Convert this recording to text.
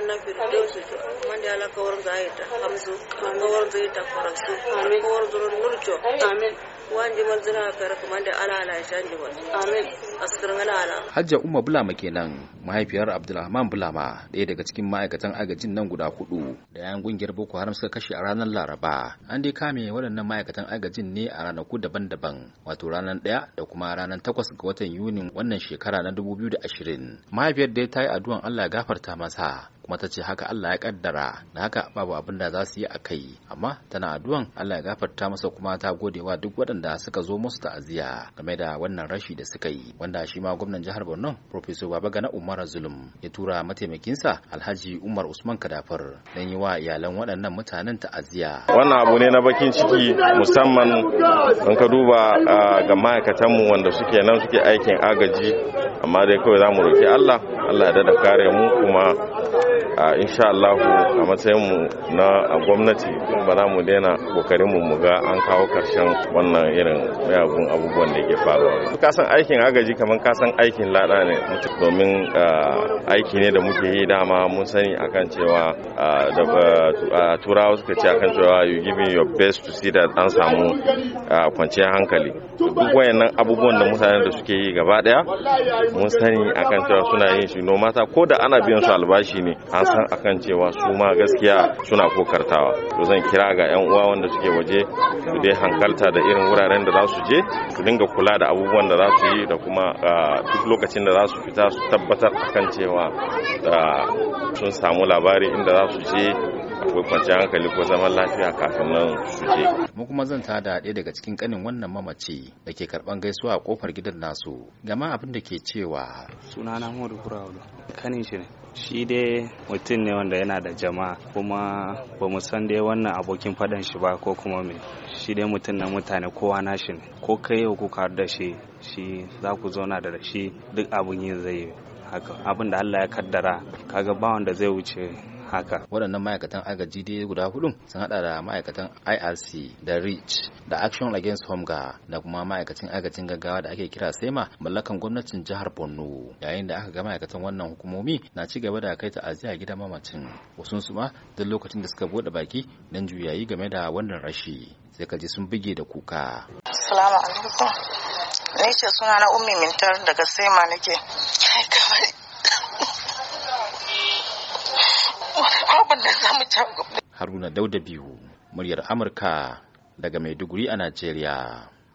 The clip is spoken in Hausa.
那他就是。ala ka hamsu ka ka amin wanje da ala ala shanje amin hajja umma bulama kenan mahaifiyar abdulrahman bulama daya daga cikin ma'aikatan agajin nan guda hudu da yan gungiyar boko haram suka kashe a ranar laraba an dai kame waɗannan ma'aikatan agajin ne a ranaku daban-daban wato ranar ɗaya da kuma ranar takwas ga watan yuni wannan shekara na biyu da ashirin. mahaifiyar da ta yi addu'an allah ya gafarta masa kuma ta ce haka allah ya kaddara Na da haka babu abin da za su yi a kai amma tana addu'an Allah ya gafarta masa kuma ta gode wa duk waɗanda suka zo musu ta'aziyya game da wannan rashi da suka yi wanda shi ma gwamnan jihar Borno Professor Gana Umar Zulum ya tura mataimakinsa Alhaji Umar Usman Kadafar dan yi wa iyalan waɗannan mutanen ta'aziyya. Wannan abu ne na bakin ciki musamman in ka duba ga ma'aikatanmu wanda suke nan suke aikin agaji amma dai kawai za mu roki Allah Allah ya dada kare mu kuma a insha Allah a matsayin mu na gwamnati ba za mu daina kokarin mu ga an kawo karshen wannan irin miyagun abubuwan da ke faruwa ka san aikin agaji kamar ka san aikin lada ne domin aiki ne da muke yi dama mun sani akan cewa da turawa suka ce akan cewa you give me your best to see that an samu kwanciyar hankali duk wayannan abubuwan da mutanen da suke yi gaba daya mun sani akan cewa suna yin shi no mata ko da ana biyan su albashi ne san akan cewa su ma gaskiya suna kokartawa to zan kira ga yan uwa wanda suke waje su dai hankalta da irin wuraren da za su je su dinga kula da abubuwan da za su yi da kuma duk lokacin da za su fita su tabbatar akan cewa sun samu labari inda za su je ko kwanciyar hankali ko zaman lafiya kafin nan su je. Mu kuma zan da ɗaya daga cikin kanin wannan mamaci da ke karɓan gaisuwa a kofar gidan nasu gama abin da ke cewa. Suna Sunana Muhammadu Kuraulu kanin shi ne. Shi dai mutum ne wanda yana da jama'a kuma ba mu san dai wannan abokin faɗan shi ba ko kuma me. Shi dai mutum na mutane kowa na shi ne ko kai yau kuka da shi shi za ku zauna da shi duk abin yin zai haka abin da Allah ya kaddara kaga ba wanda zai wuce haka waɗannan ma'aikatan agaji dai guda hudu sun hada da ma'aikatan irc da reach da action against homga da kuma ma'aikacin agajin gaggawa da ake kira sema mallakan gwamnatin jihar borno yayin da aka ga ma'aikatan wannan hukumomi na ci gaba da kai aziya gida mamacin wasu su ma duk lokacin da suka bude baki don juyayi game da wannan rashi sai ka ji sun buge da kuka assalamu alaikum ni ce suna na ummi mintar daga sema nake kamar abin da za mu ci haruna dauda biyu muryar amurka daga maiduguri a najeriya